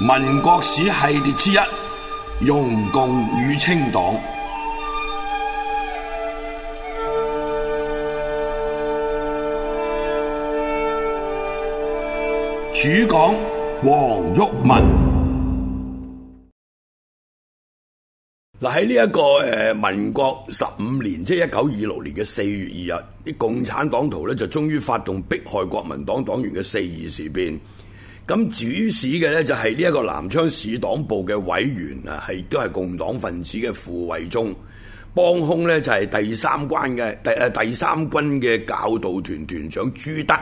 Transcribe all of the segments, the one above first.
民國史系列之一，容共與清黨， 主講黃毓民。嗱喺呢一個誒，民國十五年，即係一九二六年嘅四月二日，啲共產黨徒咧就終於發動迫害國民黨黨員嘅四二事變。咁主使嘅呢，就係呢一個南昌市黨部嘅委員啊，係都係共黨分子嘅傅維忠，幫凶呢，就係第三關嘅第誒第三軍嘅教導團團長朱德。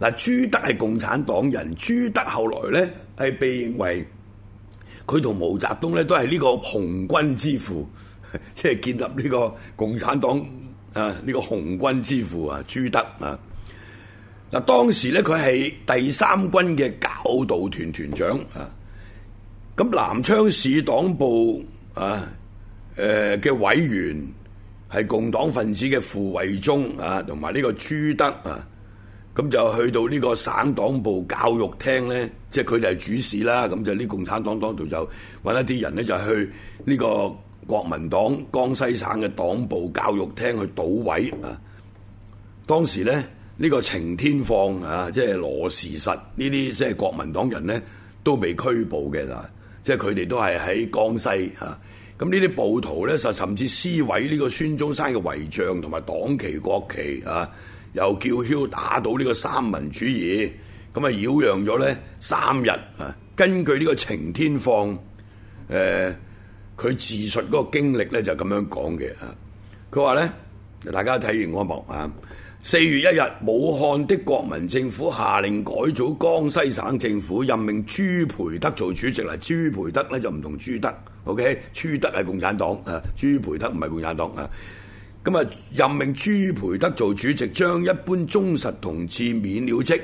嗱，朱德係共產黨人，朱德後來呢，係被認為佢同毛澤東咧都係呢個紅軍之父，即係建立呢個共產黨啊呢個紅軍之父啊朱德啊。嗱，當時咧，佢係第三軍嘅教導團團長啊。咁南昌市黨部啊，誒、呃、嘅委員係共黨分子嘅傅維忠啊，同埋呢個朱德啊。咁、啊、就去到呢個省黨部教育廳咧、啊，即係佢哋係主使啦。咁、啊、就呢共產黨當度就揾一啲人咧，就去呢個國民黨江西省嘅黨部教育廳去堵位啊。當時咧。呢個程天放啊，即係羅時實呢啲即係國民黨人咧，都被拘捕嘅啦。即係佢哋都係喺江西啊。咁呢啲暴徒咧，就甚至撕毀呢個孫中山嘅遺像同埋黨旗國旗啊，又叫囂打倒呢個三民主義，咁啊擾攘咗咧三日啊。根據呢個程天放誒佢、啊、自述嗰個經歷咧，就咁、是、樣講嘅啊。佢話咧，大家睇完嗰一幕啊。四月一日，武漢的國民政府下令改組江西省政府，任命朱培德做主席。嚟朱培德呢就唔同朱德，OK？朱德係共產黨啊，朱培德唔係共產黨啊。咁啊，任命朱培德做主席，將一般忠實同志免了職。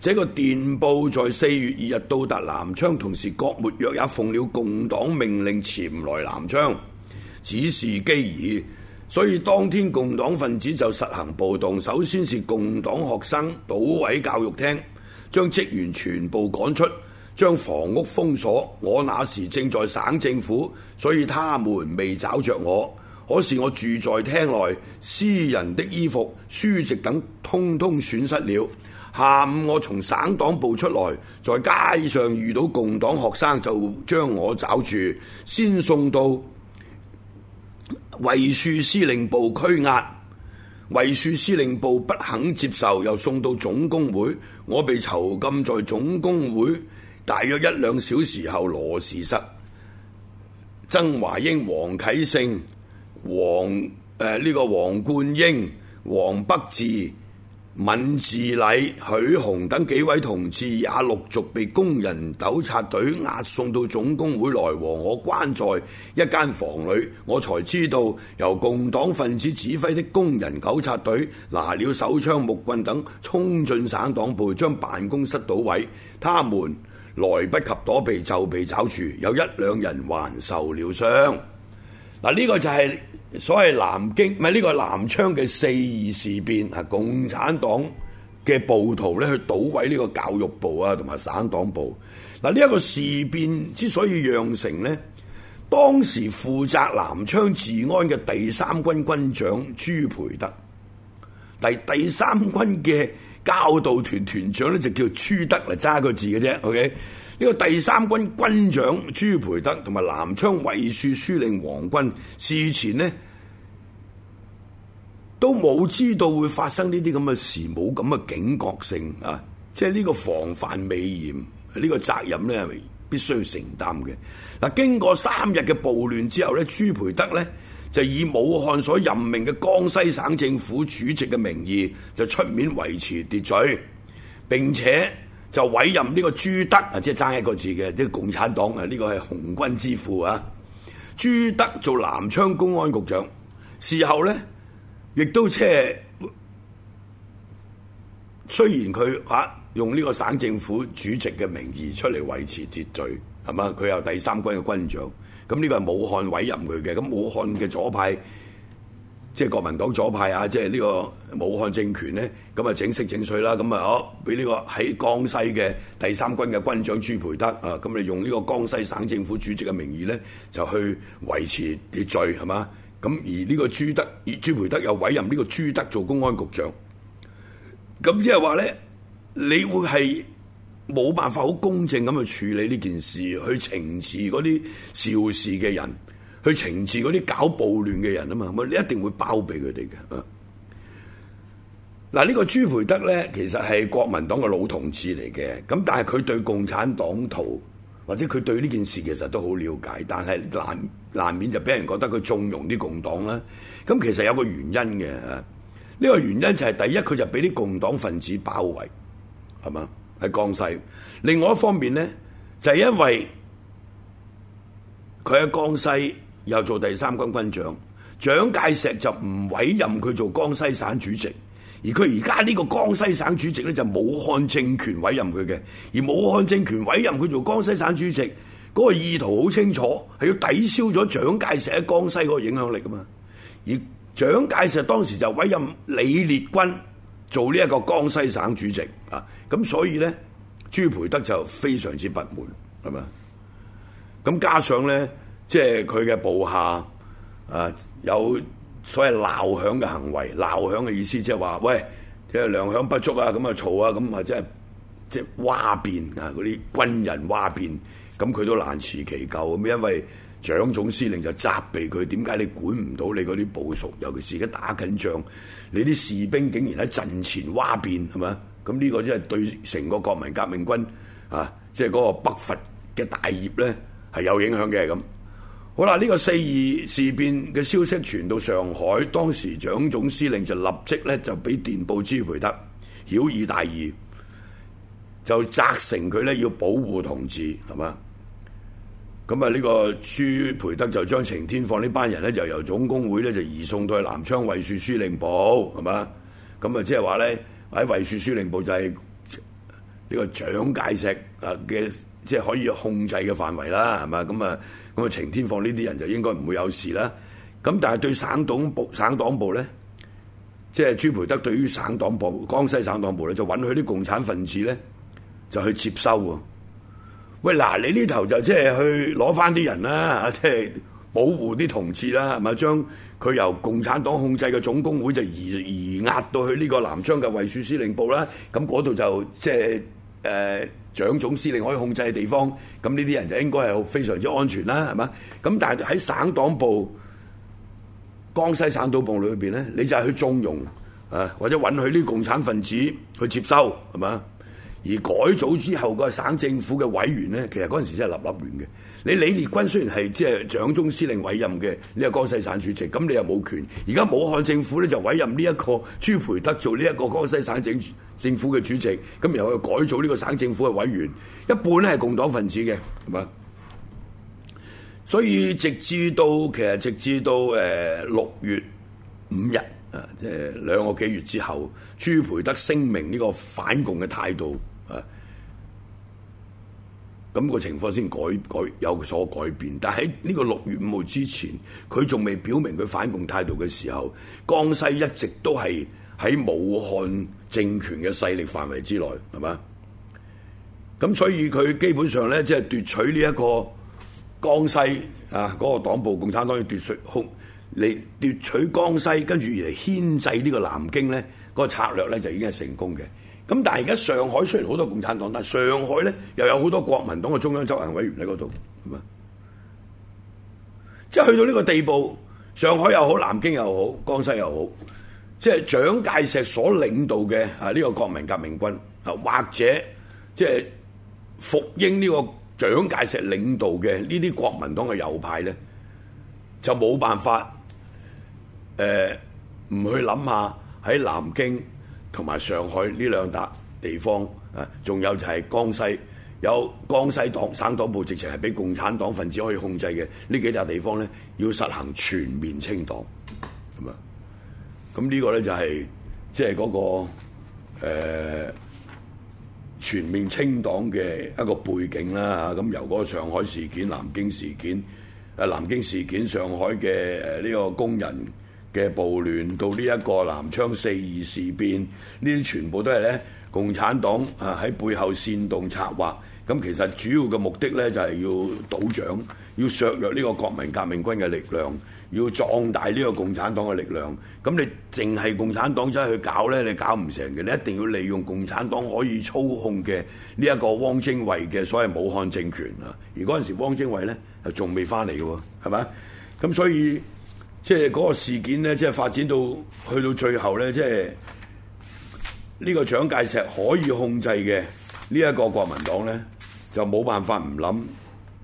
這個電報在四月二日到達南昌，同時郭沫若也奉了共黨命令前來南昌。此事既已。所以當天共黨分子就實行暴動，首先是共黨學生搗毀教育廳，將職員全部趕出，將房屋封鎖。我那時正在省政府，所以他們未找着我。可是我住在廳內，私人的衣服、書籍等通通損失了。下午我從省黨部出來，在街上遇到共黨學生就將我找住，先送到。衛戍司令部拘押，衛戍司令部不肯接受，又送到總工會，我被囚禁在總工會，大約一兩小時後，羅事失。曾華英、黃啟勝、黃誒呢個黃冠英、黃北志。閔志禮、許雄等幾位同志也陸續被工人糾察隊押送到總工會來，和我關在一間房裏，我才知道由共黨分子指揮的工人糾察隊拿了手槍、木棍等，衝進省黨部，將辦公室搗毀，他們來不及躲避就被找處，有一兩人還受了傷。嗱，呢個就係、是。所謂南京唔係呢個南昌嘅四二事變啊，共產黨嘅暴徒咧，去搗毀呢個教育部啊同埋省黨部。嗱，呢一個事變之所以釀成咧，當時負責南昌治安嘅第三軍軍長朱培德，第第三軍嘅教導團團長咧就叫朱德嚟揸個字嘅啫。OK。呢個第三軍軍長朱培德同埋南昌衛戍司令王軍事前呢，都冇知道會發生呢啲咁嘅事，冇咁嘅警覺性啊！即係呢個防範未然，呢個責任咧係必須要承擔嘅。嗱、啊，經過三日嘅暴亂之後咧，朱培德咧就以武漢所任命嘅江西省政府主席嘅名義，就出面維持秩序，並且，就委任呢個朱德啊，即係爭一個字嘅，即係共產黨啊，呢個係紅軍之父啊。朱德做南昌公安局長，事後咧亦都即係雖然佢吓、啊、用呢個省政府主席嘅名義出嚟維持秩序，係嘛？佢有第三軍嘅軍長，咁呢個係武漢委任佢嘅，咁武漢嘅左派。即係國民黨左派啊！即係呢個武漢政權咧，咁啊整息整稅整色整水啦，咁啊，俾呢個喺江西嘅第三軍嘅軍長朱培德啊，咁啊用呢個江西省政府主席嘅名義咧，就去維持秩序係嘛？咁而呢個朱德、朱培德又委任呢個朱德做公安局長，咁即係話咧，你會係冇辦法好公正咁去處理呢件事，去懲治嗰啲肇事嘅人。去懲治嗰啲搞暴亂嘅人啊嘛，咁你一定會包庇佢哋嘅。嗱、啊，呢、這個朱培德咧，其實係國民黨嘅老同志嚟嘅，咁但係佢對共產黨徒或者佢對呢件事其實都好了解，但係難難免就俾人覺得佢縱容啲共黨啦。咁、啊、其實有個原因嘅，呢、啊，這個原因就係第一，佢就俾啲共黨分子包圍，係嘛，喺江西。另外一方面咧，就係、是、因為佢喺江西。又做第三軍軍長，蔣介石就唔委任佢做江西省主席，而佢而家呢個江西省主席咧就武漢政權委任佢嘅，而武漢政權委任佢做江西省主席，嗰個意圖好清楚，係要抵消咗蔣介石喺江西嗰個影響力噶嘛。而蔣介石當時就委任李烈鈞做呢一個江西省主席啊，咁所以呢，朱培德就非常之不滿，係嘛，咁加上呢。即係佢嘅部下，啊有所謂鬧餉嘅行為，鬧餉嘅意思即係話，喂，即係糧餉不足啊，咁啊嘈啊，咁啊即係即係嘩變啊，嗰啲軍人嘩變，咁佢都難辭其咎。咁因為蔣總司令就責備佢，點解你管唔到你嗰啲部屬？尤其是而家打緊仗，你啲士兵竟然喺陣前嘩變，係咪？咁呢個真係對成個國民革命軍啊，即係嗰個北伐嘅大業咧係有影響嘅咁。好啦，呢、這個四二事變嘅消息傳到上海，當時蔣總司令就立即咧就俾電報朱培德，曉以大義，就責成佢咧要保護同志，係嘛？咁啊呢個朱培德就將程天放呢班人咧就由，由總工會咧就移送到去南昌衛戍司令部，係嘛？咁、嗯、啊即係話咧喺衛戍司令部就係呢個蔣介石啊嘅。即係可以控制嘅範圍啦，係嘛？咁、嗯、啊，咁、嗯、啊晴天放呢啲人就應該唔會有事啦。咁但係對省黨部、省黨部咧，即係朱培德對於省黨部、江西省黨部咧，就揾佢啲共產分子咧，就去接收喎。喂，嗱，你呢頭就即係去攞翻啲人啦，即、就、係、是、保護啲同志啦，係咪將佢由共產黨控制嘅總工會就移移押到去呢個南昌嘅衛戍司令部啦？咁嗰度就即係誒。呃蔣總司令可以控制嘅地方，咁呢啲人就應該係非常之安全啦，係嘛？咁但係喺省黨部、江西省黨部裏面咧，你就去縱容，或者允許啲共產分子去接收，係嘛？而改組之後個省政府嘅委員呢，其實嗰陣時真係立立亂嘅。你李烈鈞雖然係即係蔣中司令委任嘅，你係江西省主席，咁你又冇權。而家武漢政府呢，就委任呢一個朱培德做呢一個江西省政政府嘅主席，咁又去改組呢個省政府嘅委員，一半呢係共黨分子嘅，係嘛？所以直至到其實直至到誒六月五日啊，即係兩個幾月之後，朱培德聲明呢個反共嘅態度。啊！咁個、嗯、情況先改改有所改變，但喺呢個六月五號之前，佢仲未表明佢反共態度嘅時候，江西一直都係喺武漢政權嘅勢力範圍之內，係嘛？咁所以佢基本上呢，即係奪取呢一個江西啊嗰、個黨部，共產黨要奪取控嚟奪取江西，跟住嚟牽制呢個南京呢，個策略呢，就已經係成功嘅。咁但係而家上海雖然好多共產黨，但係上海咧又有好多國民黨嘅中央執行委員喺嗰度，係咪？即係去到呢個地步，上海又好，南京又好，江西又好，即係蔣介石所領導嘅啊呢、這個國民革命軍啊，或者即係服膺呢個蔣介石領導嘅呢啲國民黨嘅右派咧，就冇辦法誒唔、呃、去諗下喺南京。同埋上海呢兩笪地方，啊，仲有就係江西，有江西黨省黨部直情係俾共產黨分子可以控制嘅，呢幾笪地方咧，要實行全面清黨，咁啊，咁呢個咧就係即係嗰個誒全面清黨嘅一個背景啦嚇，咁由嗰個上海事件、南京事件、誒南京事件、上海嘅誒呢個工人。嘅暴亂到呢一個南昌四二事變，呢啲全部都係咧共產黨啊喺背後煽動策劃。咁其實主要嘅目的咧就係要倒蔣，要削弱呢個國民革命軍嘅力量，要壯大呢個共產黨嘅力量。咁你淨係共產黨真係去搞咧，你搞唔成嘅。你一定要利用共產黨可以操控嘅呢一個汪精衛嘅所謂武漢政權啊。而嗰陣時汪精衛咧係仲未翻嚟嘅喎，係咪？咁所以。即係嗰、那個事件咧，即係發展到去到最後咧，即係呢、這個蔣介石可以控制嘅呢一個國民黨咧，就冇辦法唔諗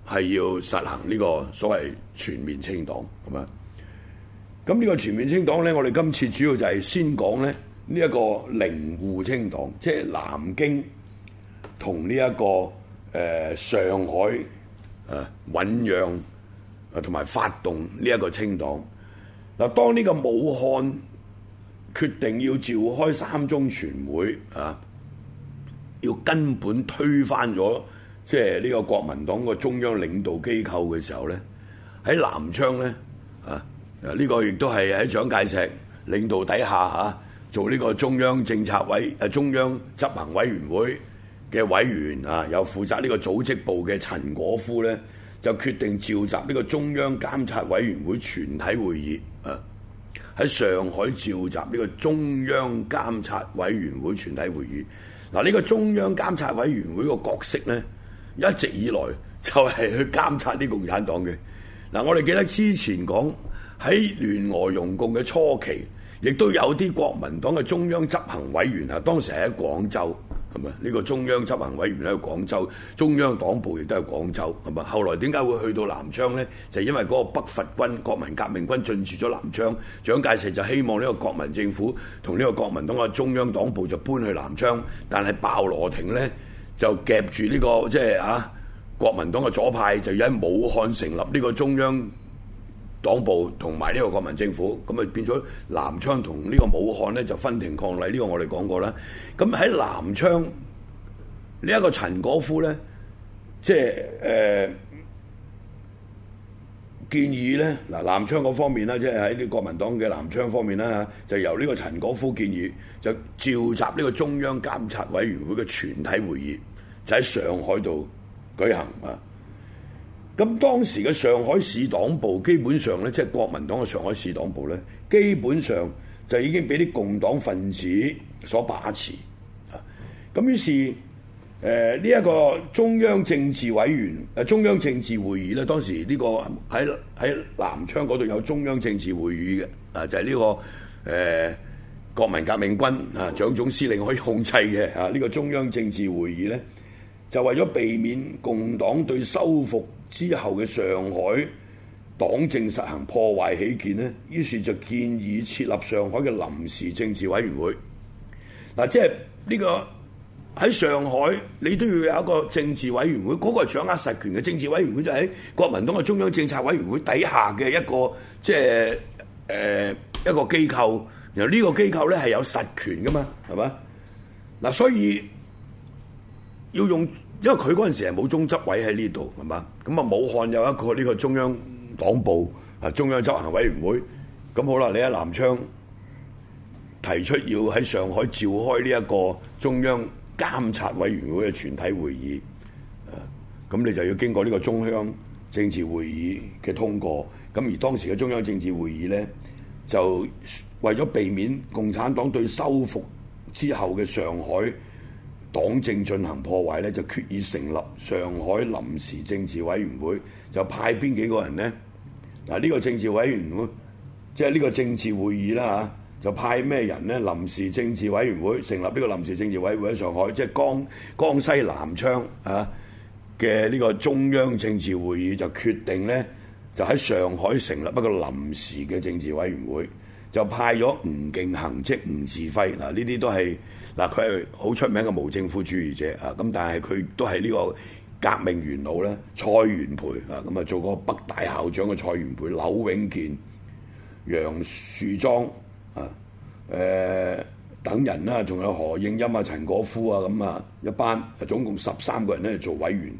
係要實行呢個所謂全面清黨咁樣！咁呢、這個全面清黨咧，我哋今次主要就係先講咧呢一、這個寧滬清黨，即係南京同呢一個誒、呃、上海誒醞釀誒同埋發動呢一個清黨。嗱，當呢個武漢決定要召開三中全會啊，要根本推翻咗即係呢個國民黨個中央領導機構嘅時候咧，喺南昌咧啊，呢、呢個亦都係喺蔣介石領導底下嚇、啊，做呢個中央政策委、誒、啊、中央執行委員會嘅委員啊，又負責呢個組織部嘅陳果夫咧。啊就決定召集呢個中央監察委員會全體會議，啊，喺上海召集呢個中央監察委員會全體會議。嗱，呢個中央監察委員會個角色呢，一直以來就係去監察啲共產黨嘅。嗱，我哋記得之前講喺聯俄容共嘅初期，亦都有啲國民黨嘅中央執行委員啊，當時喺廣州。呢個中央執行委員喺廣州，中央黨部亦都喺廣州。咁啊，後來點解會去到南昌呢？就因為嗰個北伐軍、國民革命軍進駐咗南昌，蔣介石就希望呢個國民政府同呢個國民黨嘅中央黨部就搬去南昌。但係鮑羅廷呢，就夾住呢、這個即係、就是、啊，國民黨嘅左派就要喺武漢成立呢個中央。黨部同埋呢個國民政府，咁咪變咗南昌同呢個武漢咧就分庭抗禮。呢、這個我哋講過啦。咁喺南昌、這個、陳國、呢一個陳果夫咧，即係誒建議咧，嗱南昌嗰方面啦，即係喺呢個國民黨嘅南昌方面啦吓，就由呢個陳果夫建議就召集呢個中央監察委員會嘅全體會議，就喺上海度舉行啊。咁當時嘅上海市黨部基本上咧，即係國民黨嘅上海市黨部咧，基本上就已經俾啲共黨分子所把持。啊，咁於是誒呢一個中央政治委員誒、啊、中央政治會議咧，當時呢個喺喺南昌嗰度有中央政治會議嘅啊，就係、是、呢、呢個誒、呃、國民革命軍啊蔣總司令可以控制嘅啊，呢、呢個中央政治會議咧就為咗避免共黨對收復。之後嘅上海黨政實行破壞起見呢，於是就建議設立上海嘅臨時政治委員會。嗱、啊，即係呢、這個喺上海你都要有一個政治委員會，嗰、那個係掌握實權嘅政治委員會，就喺國民黨嘅中央政策委員會底下嘅一個即係誒、呃、一個機構。然後呢個機構咧係有實權噶嘛，係咪？嗱、啊，所以要用。因為佢嗰陣時係冇中執委喺呢度係嘛，咁啊武漢有一個呢個中央黨部啊中央執行委員會，咁好啦，你喺南昌提出要喺上海召開呢一個中央監察委員會嘅全體會議，咁你就要經過呢個中央政治會議嘅通過，咁而當時嘅中央政治會議呢，就為咗避免共產黨對收復之後嘅上海黨政進行破壞咧，就決議成立上海臨時政治委員會，就派邊幾個人呢？嗱，呢個政治委員會，即係呢個政治會議啦嚇，就派咩人呢？臨時政治委員會成立呢個臨時政治委員會喺上海，即係江江西南昌啊嘅呢個中央政治會議就決定呢，就喺上海成立一個臨時嘅政治委員會。就派咗吳敬恒，即吳志輝，嗱，呢啲都係嗱，佢係好出名嘅無政府主義者啊！咁但係佢都係呢個革命元老咧，蔡元培啊，咁啊做嗰個北大校長嘅蔡元培，柳永健、楊樹莊啊、誒、呃、等人啦，仲有何應欽啊、陳果夫啊咁啊一班，總共十三個人咧做委員，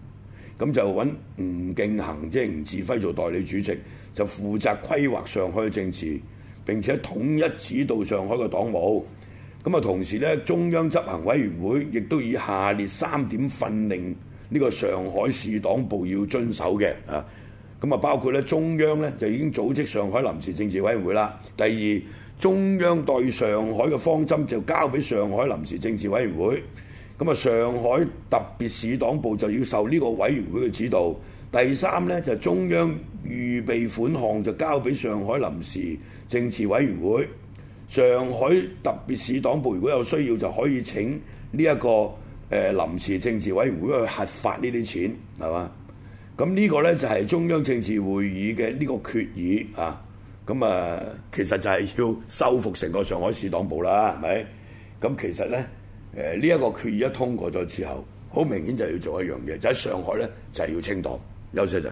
咁就揾吳敬恒，即吳稚暉做代理主席，就負責規劃上海嘅政治。並且統一指導上海嘅黨務。咁啊，同時咧，中央執行委員會亦都以下列三點訓令呢個上海市黨部要遵守嘅啊。咁啊，包括咧，中央咧就已經組織上海臨時政治委員會啦。第二，中央對上海嘅方針就交俾上海臨時政治委員會。咁啊，上海特別市黨部就要受呢個委員會嘅指導。第三咧，就中央預備款項就交俾上海臨時。政治委員會，上海特別市黨部如果有需要就可以請呢、這、一個誒、呃、臨時政治委員會去核發呢啲錢，係嘛？咁呢個呢，就係、是、中央政治會議嘅呢個決議啊。咁啊，其實就係要收復成個上海市黨部啦，係咪？咁其實呢，誒呢一個決議一通過咗之後，好明顯就要做一樣嘢，就喺、是、上海呢，就係、是、要清黨，休息陣。